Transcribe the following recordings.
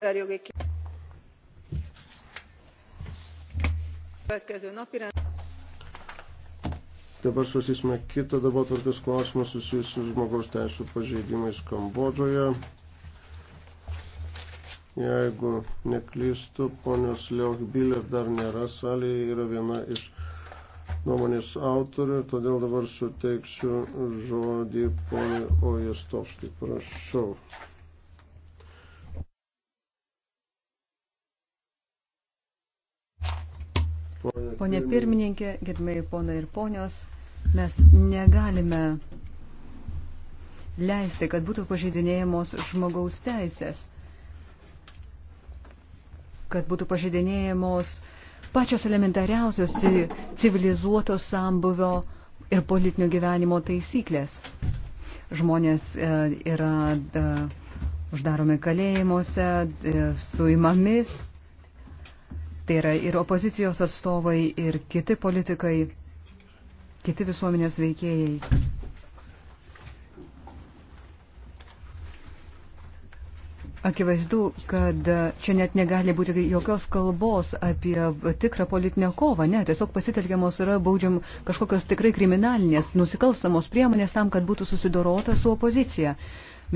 emberjogi következő napirend. Dabar susisime kitą darbotvarkės klausimą susijusiu žmogaus teisų pažeidimais Kambodžoje. Jeigu neklystu, ponios Leohbilė dar nėra salėje, yra viena iš nuomonės autorių, todėl dabar suteiksiu žodį poniai Ojestovskai. Prašau. Pone pirmininkė, gerbėjai ponai ir ponios, mes negalime leisti, kad būtų pažeidinėjamos žmogaus teisės, kad būtų pažeidinėjamos pačios elementariausios civilizuotos sambuvio ir politinio gyvenimo taisyklės. Žmonės e, yra e, uždaromi kalėjimuose, e, suimami Tai yra ir opozicijos atstovai, ir kiti politikai, kiti visuomenės veikėjai. Akivaizdu, kad čia net negali būti jokios kalbos apie tikrą politinę kovą, ne, tiesiog pasitelkiamos yra baudžiam kažkokios tikrai kriminalinės, nusikalstamos priemonės tam, kad būtų susidorota su opozicija.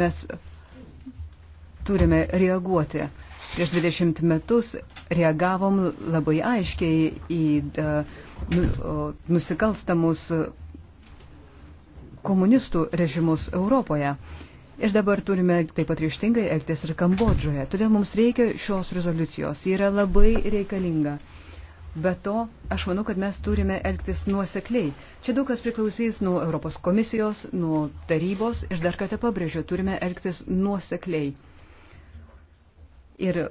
Mes turime reaguoti. Prieš 20 metus reagavom labai aiškiai į e, nu, nusikalstamus komunistų režimus Europoje. Ir dabar turime taip pat ryštingai elgtis ir Kambodžoje. Todėl mums reikia šios rezoliucijos. Ji yra labai reikalinga. Be to, aš manau, kad mes turime elgtis nuosekliai. Čia daug kas priklausys nuo Europos komisijos, nuo tarybos ir dar kartą pabrėžiu, turime elgtis nuosekliai. Ir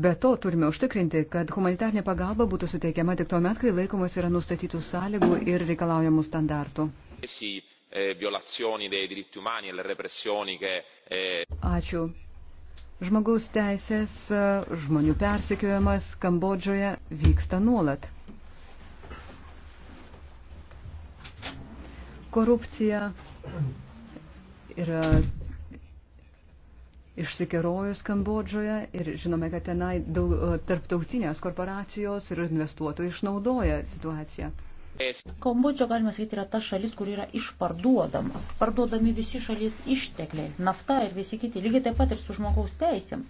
be to turime užtikrinti, kad humanitarnė pagalba būtų suteikiama tik tuo met, kai laikomas yra nustatytų sąlygų ir reikalaujamų standartų. Eh, e eh, Ačiū. Žmogaus teisės, eh, žmonių persikiojimas Kambodžoje vyksta nuolat. Korupcija yra išsikerojus Kambodžoje ir žinome, kad tenai daug, e, tarptautinės korporacijos ir investuotojai išnaudoja situaciją. Kambodža, galima sakyti, yra ta šalis, kur yra išparduodama. Parduodami visi šalies ištekliai, nafta ir visi kiti, lygiai taip pat ir su žmogaus teisėm.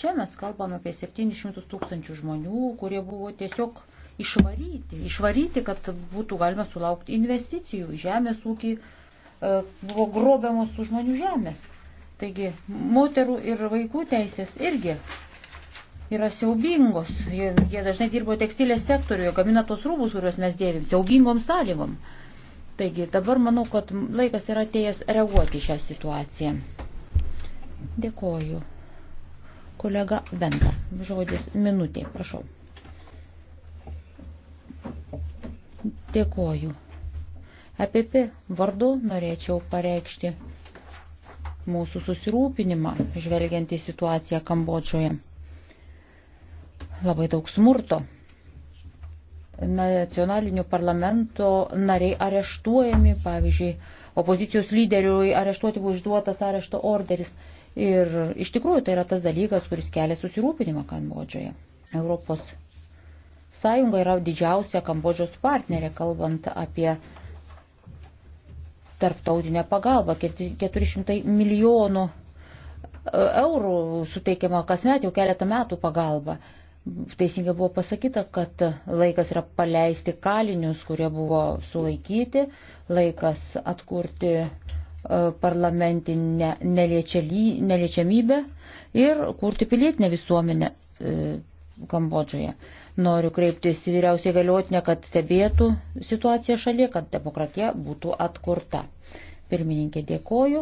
Čia mes kalbame apie 700 tūkstančių žmonių, kurie buvo tiesiog išvaryti, išvaryti, kad būtų galima sulaukti investicijų, žemės ūkį, e, buvo grobiamos su žmonių žemės. Taigi, moterų ir vaikų teisės irgi yra siaubingos. Jie, jie dažnai dirbo tekstilės sektoriuje, gamina tos rūbus, kuriuos mes dėvim, siaubingom sąlygom. Taigi, dabar manau, kad laikas yra atėjęs reaguoti šią situaciją. Dėkoju. Kolega Benta, žodis minutė, prašau. Dėkoju. EPP vardu norėčiau pareikšti mūsų susirūpinimą, žvelgiant į situaciją Kambodžoje. Labai daug smurto. Nacionalinių parlamento nariai areštuojami, pavyzdžiui, opozicijos lyderiui areštuoti buvo užduotas arešto orderis. Ir iš tikrųjų tai yra tas dalykas, kuris kelia susirūpinimą Kambodžoje. Europos Sąjunga yra didžiausia Kambodžos partnerė, kalbant apie tarptautinę pagalbą. 400 milijonų e, eurų suteikiama kasmet jau keletą metų pagalba. Teisingai buvo pasakyta, kad laikas yra paleisti kalinius, kurie buvo sulaikyti, laikas atkurti e, parlamentinę neliečiamybę ir kurti pilietinę visuomenę e, Kambodžoje. Noriu kreiptis vyriausiai galiotinę, kad stebėtų situaciją šalyje, kad demokratija būtų atkurta. Pirmininkė dėkoju.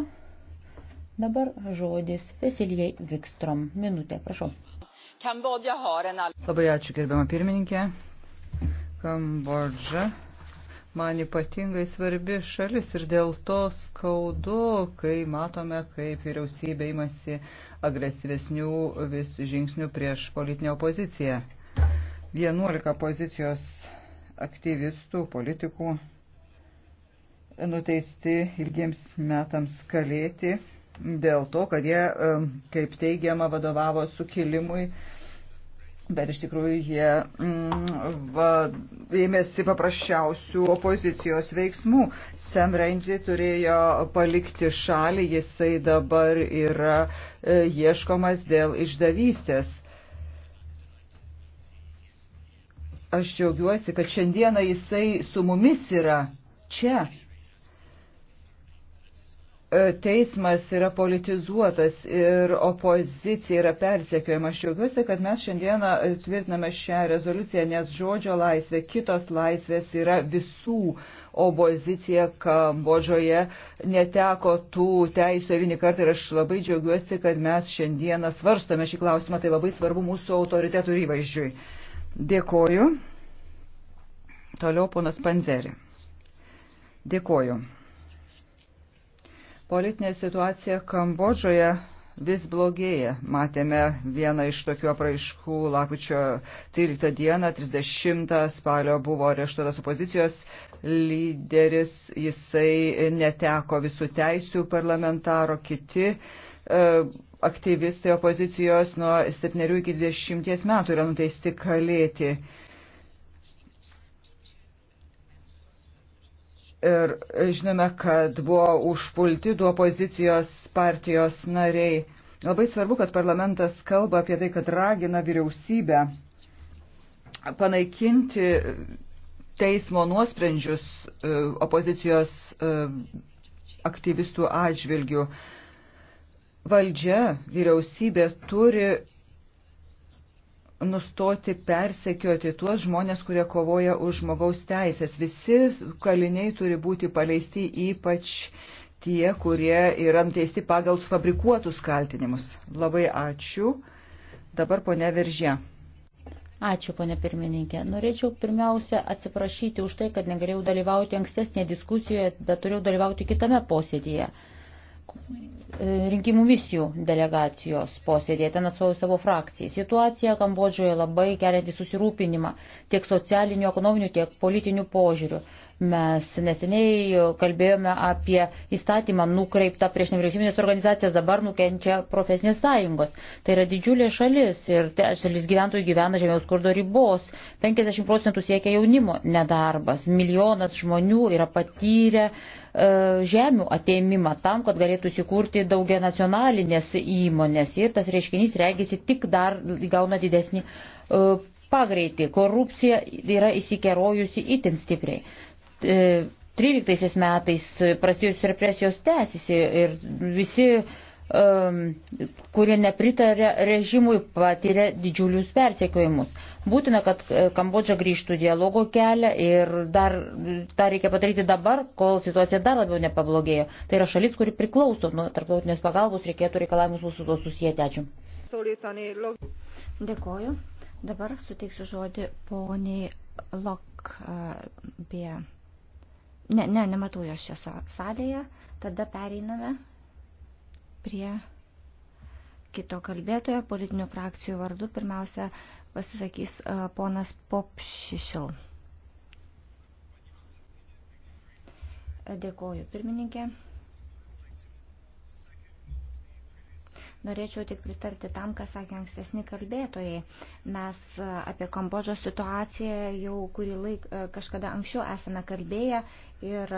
Dabar žodis Vesilijai Vikstrom. Minutė, prašau. Labai ačiū, gerbiama pirmininkė. Kambodža man ypatingai svarbi šalis ir dėl to skaudu, kai matome, kaip vyriausybė imasi agresyvesnių vis žingsnių prieš politinę opoziciją. 11 pozicijos aktyvistų, politikų nuteisti ilgiems metams kalėti dėl to, kad jie, kaip teigiama, vadovavo sukilimui, bet iš tikrųjų jie mm, va, ėmėsi paprasčiausių opozicijos veiksmų. Sam Renzi turėjo palikti šalį, jisai dabar yra e, ieškomas dėl išdavystės. Aš džiaugiuosi, kad šiandieną jisai su mumis yra čia. E, teismas yra politizuotas ir opozicija yra persekiojama. Aš džiaugiuosi, kad mes šiandieną tvirtiname šią rezoliuciją, nes žodžio laisvė, kitos laisvės yra visų. Opozicija Kambodžoje neteko tų teisų vieni kartą ir aš labai džiaugiuosi, kad mes šiandieną svarstome šį klausimą. Tai labai svarbu mūsų autoritetų įvaizdžiui. Dėkoju. Toliau ponas Panzeri. Dėkoju. Politinė situacija Kambodžoje vis blogėja. Matėme vieną iš tokių apraiškų lapkričio 13 dieną, 30 spalio buvo areštuotas opozicijos lyderis, jisai neteko visų teisių parlamentaro, kiti e, aktyvistai opozicijos nuo 7 iki 20 metų yra nuteisti kalėti. E, Ir žinome, kad buvo užpulti du opozicijos partijos nariai. Labai svarbu, kad parlamentas kalba apie tai, kad ragina vyriausybę panaikinti teismo nuosprendžius e, opozicijos e, aktyvistų atžvilgių. Valdžia, vyriausybė turi nustoti persekioti tuos žmonės, kurie kovoja už žmogaus teisės. Visi kaliniai turi būti paleisti, ypač tie, kurie yra nuteisti pagal sufabrikuotus kaltinimus. Labai ačiū. Dabar ponia Viržė. Ačiū, ponė pirmininkė. Norėčiau pirmiausia atsiprašyti už tai, kad negalėjau dalyvauti ankstesnėje diskusijoje, bet turėjau dalyvauti kitame posėdėje. E, rinkimų misijų delegacijos posėdėje, ten atstovauju savo frakcijai. Situacija Kambodžoje labai kelianti susirūpinimą tiek socialinių, ekonominių, tiek politinių požiūrių. Mes neseniai kalbėjome apie įstatymą nukreiptą prieš nevyriausybinės organizacijas, dabar nukenčia profesinės sąjungos. Tai yra didžiulė šalis ir šalis gyventojų gyvena žemiaus skurdo ribos. 50 procentų siekia jaunimo nedarbas. Milijonas žmonių yra patyrę e, žemių ateimimą tam, kad galėtų įsikurti daugia nacionalinės įmonės. Ir tas reiškinys regisi tik dar gauna didesnį. E, pagreitį. Korupcija yra įsikerojusi itin stipriai. 13 e, metais prasidėjusios represijos tęsiasi ir visi, kurie nepritarė režimui, patiria didžiulius persiekiojimus. Būtina, kad e, Kambodža grįžtų dialogo kelią ir dar tą reikia padaryti dabar, kol situacija dar labiau nepablogėjo. Tai yra šalis, kuri priklauso nuo tarptautinės pagalbos, reikėtų reikalavimus mūsų su to susijęti. Ačiū. Dėkoju. Dabar suteiksiu žodį poniai Lokbė. Uh, Ne, ne, nematau jos čia salėje. Tada pereiname prie kito kalbėtojo politinių frakcijų vardu. Pirmiausia, pasisakys uh, ponas Popšišil. Dėkoju, pirmininkė. Norėčiau tik pritarti tam, ką sakė ankstesni kalbėtojai. Mes e, apie Kambodžo situaciją jau kurį laik e, kažkada anksčiau esame kalbėję ir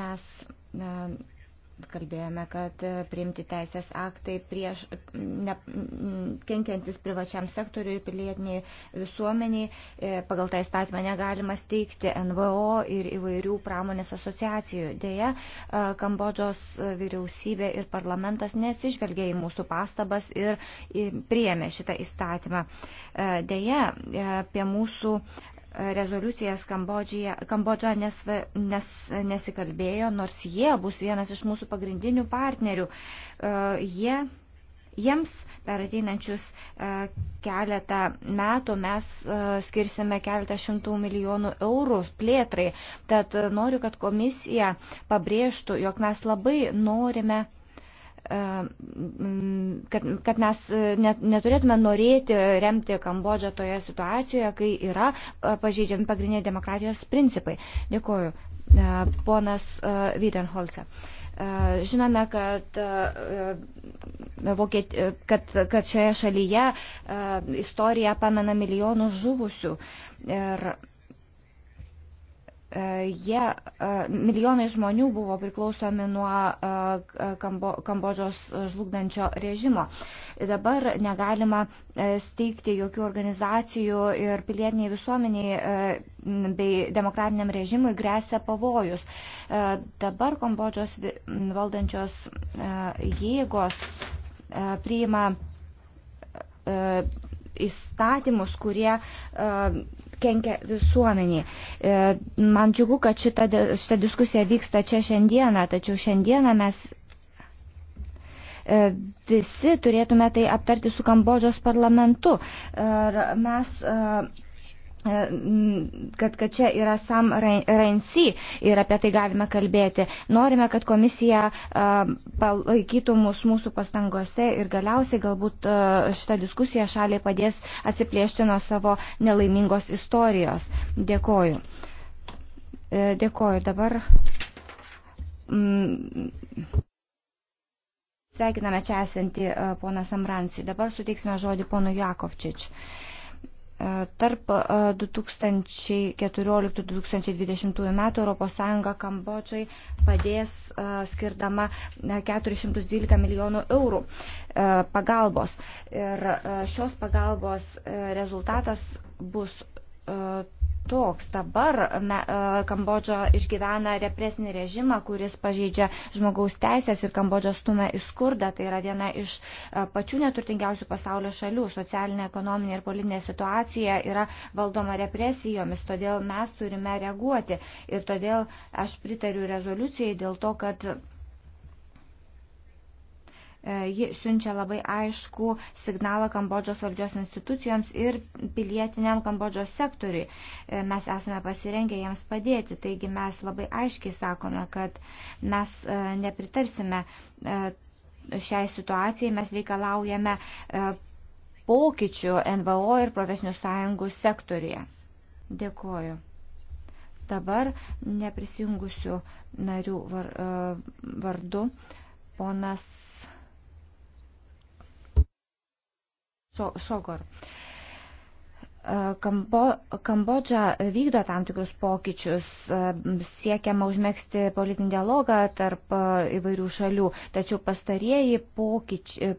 mes e, kalbėjome, kad priimti teisės aktai prieš ne, kenkiantis privačiam sektoriui ir pilietiniai visuomeniai. E, pagal tą įstatymą negalima steigti NVO ir įvairių pramonės asociacijų. Deja, e, Kambodžos vyriausybė ir parlamentas nesižvelgia į mūsų pastabas ir priėmė šitą įstatymą. E, deja, apie mūsų rezoliucijas Kambodža nes, nes, nesikalbėjo, nors jie bus vienas iš mūsų pagrindinių partnerių. E, jie, jiems per ateinančius e, keletą metų mes e, skirsime keletą šimtų milijonų eurų plėtrai. Tad noriu, kad komisija pabrėžtų, jog mes labai norime E, kad, kad mes e, net, neturėtume norėti remti Kambodžą toje situacijoje, kai yra e, pažeidžiami pagrindiniai demokratijos principai. Dėkuoju, ponas Vytenholce. Žinome, kad, kad, kad šioje šalyje istorija pamena milijonus žuvusių. Ir E, jie, e, milijonai žmonių buvo priklausomi nuo e, Kambo, Kambodžos žlugdančio režimo. Dabar negalima steigti jokių organizacijų ir pilietiniai visuomeniai bei demokratiniam režimui grėsia pavojus. Dabar Kambodžos valdančios jėgos priima įstatymus, kurie e, kenkia visuomeniai. E, man džiugu, kad šita, šita diskusija vyksta čia šiandieną, tačiau šiandieną mes e, visi turėtume tai aptarti su Kambodžos parlamentu. Ir mes E, kad, kad čia yra Sam Rainsi ir apie tai galime kalbėti. Norime, kad komisija e, palaikytų mus mūsų pastangose ir galiausiai galbūt e, šitą diskusiją šaliai padės atsiplėšti nuo savo nelaimingos istorijos. Dėkoju. Dėkoju. Dabar. Sveikiname čia esantį poną Samransį. Dabar suteiksime žodį ponui Jakovčič. Uh, Tarp 2014-2020 e, metų ES Kambodžai padės e, skirdama 412 e, milijonų eurų pagalbos. Ir šios pagalbos rezultatas bus toks. Dabar me, e, Kambodža išgyvena represinį režimą, kuris pažeidžia žmogaus teisės ir Kambodža stumia į skurdą. Tai yra viena iš e, pačių neturtingiausių pasaulio šalių. Socialinė, ekonominė ir politinė situacija yra valdoma represijomis, todėl mes turime reaguoti. Ir todėl aš pritariu rezoliucijai dėl to, kad E, ji siunčia labai aišku signalą Kambodžos valdžios institucijoms ir pilietiniam Kambodžos sektoriui. E, mes esame pasirengę jiems padėti, taigi mes labai aiškiai sakome, kad mes e, nepritarsime šiai situacijai, mes reikalaujame pokyčių NVO ir profesinių sąjungų sektorija. Dėkuoju. Dabar neprisijungusių narių vardu ponas so, Sogor. E, Kambo, Kambodža vykdo tam tikrus pokyčius, e, siekiama užmėgsti politinį dialogą tarp e, įvairių šalių, tačiau pastarieji pokyčiai,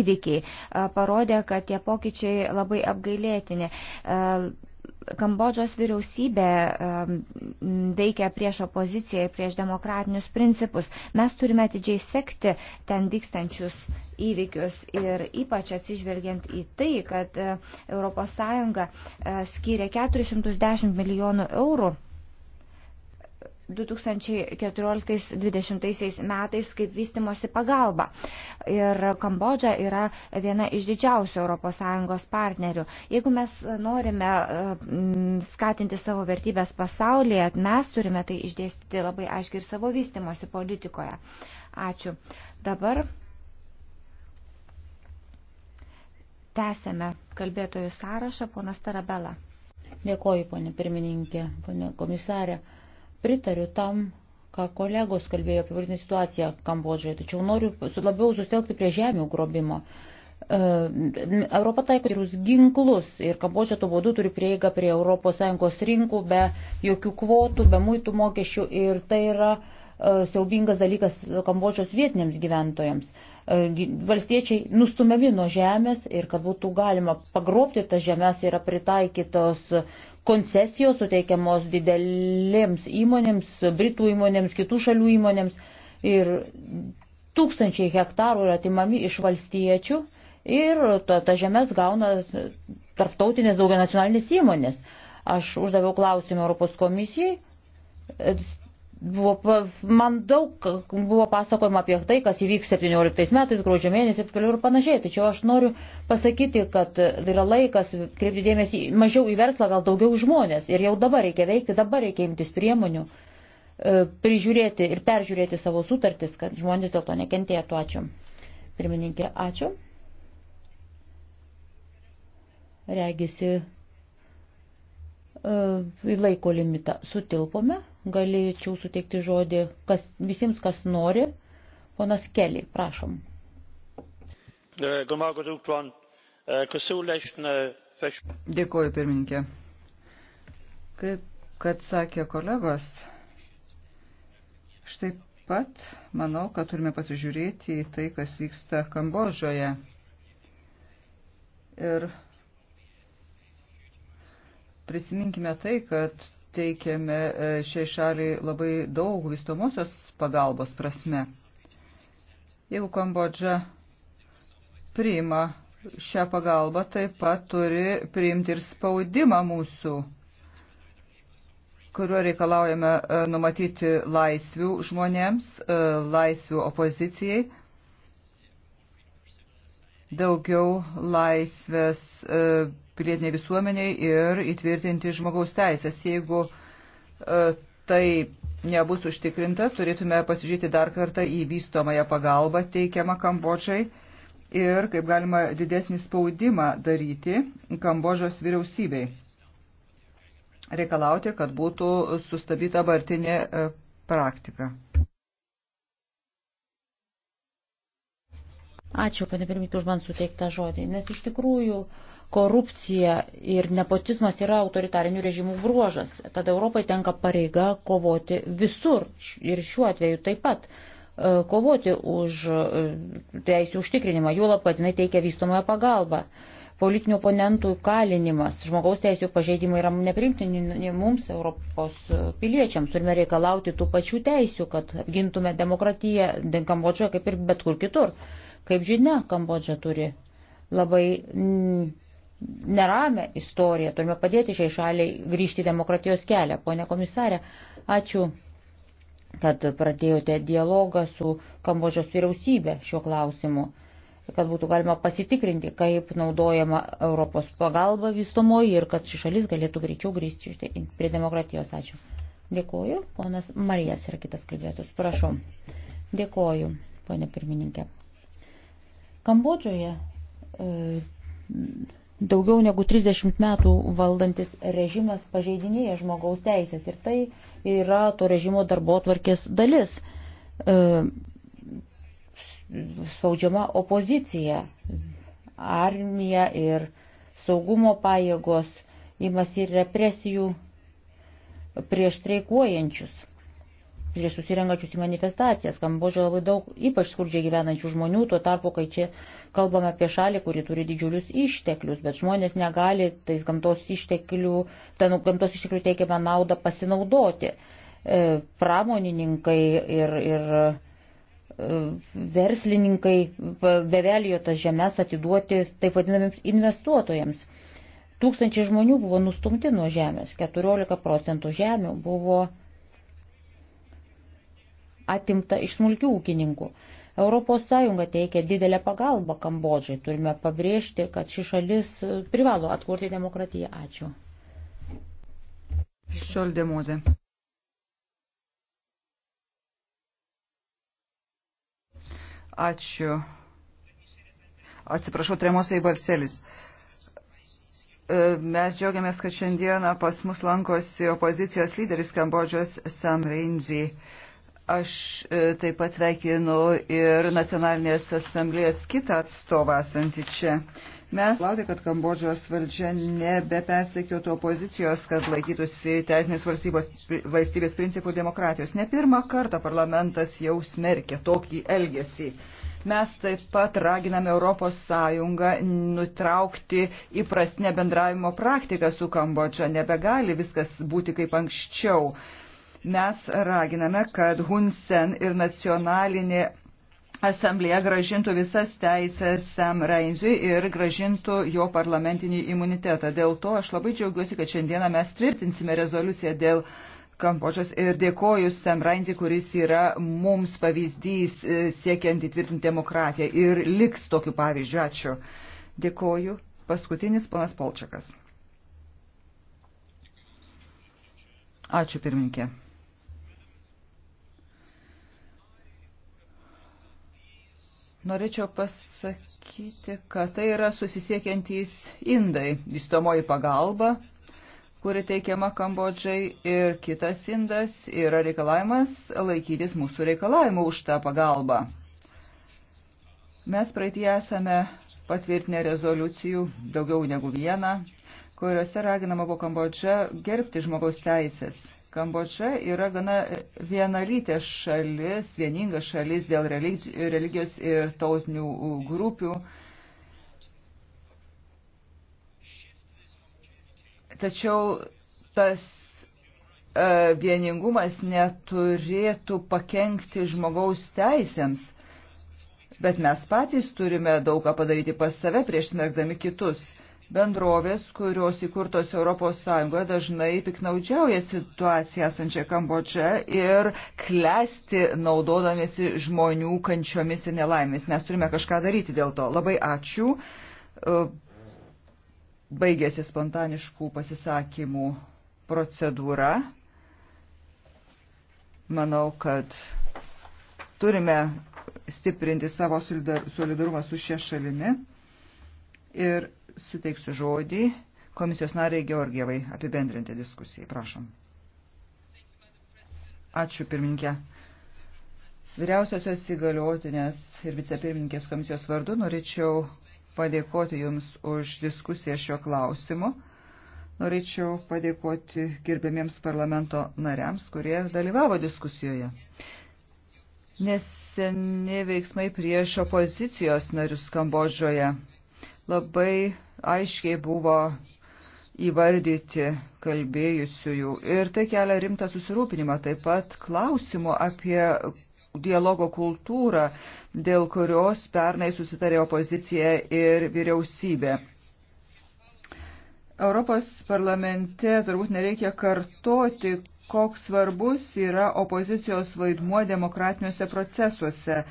įvykiai parodė, kad tie pokyčiai labai apgailėtini. Kambodžos vyriausybė veikia prieš opoziciją ir prieš demokratinius principus. Mes turime atidžiai sekti ten vykstančius įvykius ir ypač atsižvelgiant į tai, kad ES e, skyrė 410 milijonų eurų 2014-2020 metais kaip vystimosi pagalba. Ir Kambodža yra viena iš didžiausių ES partnerių. Jeigu mes norime e, skatinti savo vertybės pasaulyje, mes turime tai išdėstyti labai aiškiai ir savo vystimosi politikoje. Ačiū. Dabar tęsėme kalbėtojų sąrašą, ponas Tarabela. Dėkoju, ponė pirmininkė, ponė komisarė. Pritariu tam, ką kolegos kalbėjo apie politinę situaciją Kambodžoje, tačiau noriu labiau susitelkti prie žemių grobimo. E, Europa taiko įvairius ginklus ir Kambodža tuo būdu turi prieigą prie ES rinkų be jokių kvotų, be muitų mokesčių ir tai yra uh, E, siaubingas dalykas Kambodžos vietiniams gyventojams. E, valstiečiai nustumiami nuo žemės ir kad būtų galima pagrobti tas žemės yra pritaikytos koncesijos suteikiamos didelėms įmonėms, Britų įmonėms, kitų šalių įmonėms ir tūkstančiai hektarų yra atimami iš valstiečių ir ta, ta žemės gauna tarptautinės daugianacionalinės įmonės. Aš uždaviau klausimą Europos komisijai buvo, man daug buvo pasakojama apie tai, kas įvyks 17 metais, gruodžio mėnesį ir toliau ir panašiai. Tačiau aš noriu pasakyti, kad yra laikas kreipti dėmesį mažiau į verslą, gal daugiau žmonės. Ir jau dabar reikia veikti, dabar reikia imtis priemonių, e, prižiūrėti ir peržiūrėti savo sutartis, kad žmonės dėl to nekentėtų. Ačiū. Pirmininkė, ačiū. Regisi e, į laiko limitą sutilpome galėčiau suteikti žodį kas, visiems, kas nori. Ponas Kelly, prašom. Dėkuoju, pirmininkė. Kaip kad sakė kolegos, štai pat manau, kad turime pasižiūrėti į tai, kas vyksta Kambodžoje. Ir prisiminkime tai, kad teikiame e, šiai šaliai labai daug vystomosios pagalbos prasme. Jeigu Kambodža priima šią pagalbą, taip pat turi priimti ir spaudimą mūsų, kuriuo reikalaujame e, numatyti laisvių žmonėms, e, laisvių opozicijai daugiau laisvės e, pilietiniai visuomeniai ir įtvirtinti žmogaus teisės. Jeigu e, tai nebus užtikrinta, turėtume pasižiūrėti dar kartą į vystomąją pagalbą teikiamą Kambodžai ir kaip galima didesnį spaudimą daryti Kambodžos vyriausybei. Reikalauti, kad būtų sustabdyta bartinė e, praktika. Ačiū, panė pirmininkė, už man suteiktą žodį, nes iš tikrųjų korupcija ir nepotizmas yra autoritarinių režimų bruožas. Tad Europai tenka pareiga kovoti visur ir šiuo atveju taip pat e, kovoti už e, teisų užtikrinimą, juolab, kad jinai teikia vystomąją pagalbą. Politinių oponentų kalinimas, žmogaus teisų pažeidimai yra neprimtini mums, Europos piliečiams. Turime reikalauti tų pačių teisių, kad gintume demokratiją Kambodžoje kaip ir bet kur kitur. Kaip žinia, Kambodža turi labai neramę istoriją. Turime padėti šiai šaliai grįžti demokratijos kelią. Pone komisarė, ačiū, kad pradėjote dialogą su Kambodžos vyriausybė šiuo klausimu kad būtų galima pasitikrinti, kaip naudojama Europos pagalba vystomoji ir kad ši šalis galėtų greičiau grįžti prie demokratijos. Ačiū. Dėkoju. Ponas Marijas yra kitas kalbėtus. Prašau. Dėkoju, ponė pirmininkė. Kambodžoje e, daugiau negu 30 metų valdantis režimas pažeidinėja žmogaus teisės ir tai yra to režimo darbo tvarkės dalis. E, Saudžiama opozicija, armija ir saugumo pajėgos imasi represijų prieš streikuojančius prieš susirengačius į manifestacijas. Kambodžia labai daug ypač skurdžiai gyvenančių žmonių, tuo tarpu, kai čia kalbame apie šalį, kuri turi didžiulius išteklius, bet žmonės negali tais gamtos išteklių, ten gamtos išteklių teikiamą naudą pasinaudoti. E, pramonininkai ir, ir e, verslininkai bevelijo tas žemės atiduoti taip vadinamiems investuotojams. Tūkstančiai žmonių buvo nustumti nuo žemės, 14 procentų žemių buvo atimta iš smulkių ūkininkų. ES teikia didelę pagalbą Kambodžai. Turime pabrėžti, kad ši šalis privalo atkurti demokratiją. Ačiū. Šioldemozė. Ačiū. Atsiprašau, Tremosai Balselis. E, mes džiaugiamės, kad šiandieną pas mus lankosi opozicijos lyderis Kambodžos Sam Rainsy. Aš e, taip pat sveikinu ir Nacionalinės asamblėjos kitą atstovą esantį čia. Mes laukia, kad Kambodžos valdžia nebepersekiotų opozicijos, kad laikytųsi teisinės valstybės principų demokratijos. Ne pirmą kartą parlamentas jau smerkia tokį elgesį. Mes taip pat raginame Europos Sąjungą nutraukti įprastinę bendravimo praktiką su Kambodža. Nebegali viskas būti kaip anksčiau. Mes raginame, kad Hunsen ir nacionalinė asamblėje gražintų visas teisės Sam Rainziui ir gražintų jo parlamentinį imunitetą. Dėl to aš labai džiaugiuosi, kad šiandieną mes tvirtinsime rezoliuciją dėl Kambočios ir dėkoju Sam Rainzi, kuris yra mums pavyzdys e, siekiant įtvirtinti demokratiją ir liks tokiu pavyzdžiu. Ačiū. Dėkoju. Paskutinis ponas Polčiakas. Ačiū pirminkė. Norėčiau pasakyti, kad tai yra susisiekiantys indai, įstomoji pagalba, kuri teikiama Kambodžai ir kitas indas yra reikalavimas laikytis mūsų reikalavimų už tą pagalbą. Mes praeitie esame patvirtinę rezoliucijų daugiau negu vieną, kuriuose raginama buvo Kambodža gerbti žmogaus teisės. Kambodža yra gana vienalytė šalis, vieninga šalis dėl religijos ir tautinių grupių. Tačiau tas e, vieningumas neturėtų pakengti žmogaus teisėms, bet mes patys turime daugą padaryti pas save prieš smergdami kitus. Bendrovės, kurios įkurtos ES, dažnai piknaudžiauja situaciją esančią Kambodžą ir klesti naudodamėsi žmonių kančiomis ir nelaimės. Mes turime kažką daryti dėl to. Labai ačiū. E, baigėsi spontaniškų pasisakymų procedūra. Manau, kad turime stiprinti savo solidarumą su šia šalimi ir suteiksiu žodį komisijos nariai Georgievai apibendrinti diskusijai. Prašom. Ačiū pirmininkė. Vyriausiosios įgaliotinės ir vicepirmininkės komisijos vardu norėčiau padėkoti Jums už diskusiją šio klausimu. Norėčiau padėkoti gerbėmiems parlamento nariams, kurie dalyvavo diskusijoje. Neseni veiksmai prieš opozicijos narius Kambodžoje labai aiškiai buvo įvardyti kalbėjusiųjų. Ir tai kelia rimtą susirūpinimą, taip pat klausimų apie dialogo kultūrą, dėl kurios pernai susitarė opozicija ir vyriausybė. Europos parlamente turbūt nereikia kartoti, koks svarbus yra opozicijos vaidmuo demokratiniuose procesuose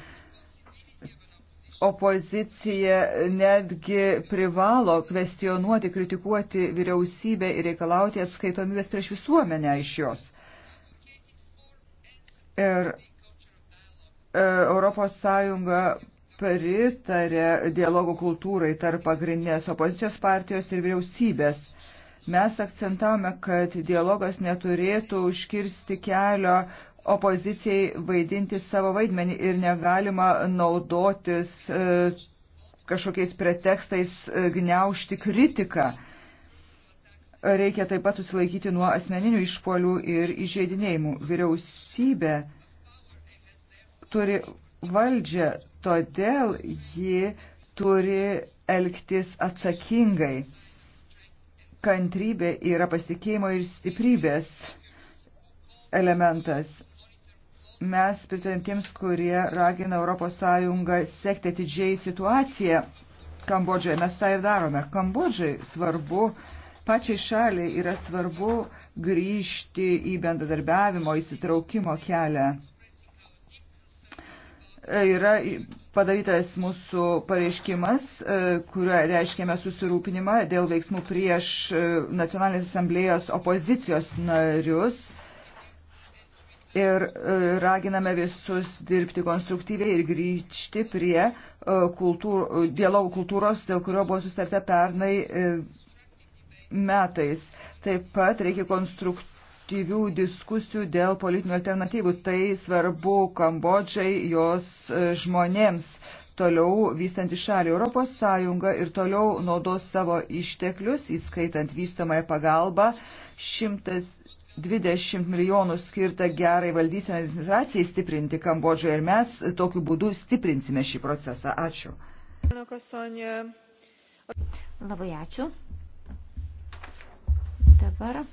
opozicija netgi privalo kvestionuoti, kritikuoti vyriausybę ir reikalauti atskaitomybės prieš visuomenę iš jos. Ir e, Europos Sąjunga pritarė dialogo kultūrai tarp pagrindinės opozicijos partijos ir vyriausybės. Mes akcentavome, kad dialogas neturėtų užkirsti kelio opozicijai vaidinti savo vaidmenį ir negalima naudotis e, kažkokiais pretekstais e, gniaužti kritiką. Reikia taip pat susilaikyti nuo asmeninių išpolių ir įžeidinėjimų. Vyriausybė turi valdžią, todėl ji turi elgtis atsakingai. Kantrybė yra pasitikėjimo ir stiprybės elementas Mes pritarėm tiems, kurie ragina ES sekti atidžiai situaciją Kambodžoje. Mes tą ir darome. Kambodžai svarbu, pačiai šaliai yra svarbu grįžti į bendradarbiavimo, įsitraukimo kelią. Yra padarytas mūsų pareiškimas, e, kuriuo reiškėme susirūpinimą dėl veiksmų prieš e, Nacionalinės asamblėjos opozicijos narius ir e, raginame visus dirbti konstruktyviai ir grįžti prie e, kultūr, dialogų kultūros, dėl kurio buvo sustarta pernai e, metais. Taip pat reikia konstruktyvių diskusijų dėl politinių alternatyvų. Tai svarbu Kambodžai, jos žmonėms toliau vystanti šalį. Europos Sąjunga ir toliau naudos savo išteklius, įskaitant vystamąją pagalbą, šimtas 20 milijonų skirta gerai valdysenai administracijai stiprinti Kambodžoje ir mes tokiu būdu stiprinsime šį procesą. Ačiū. Labai ačiū. Dabar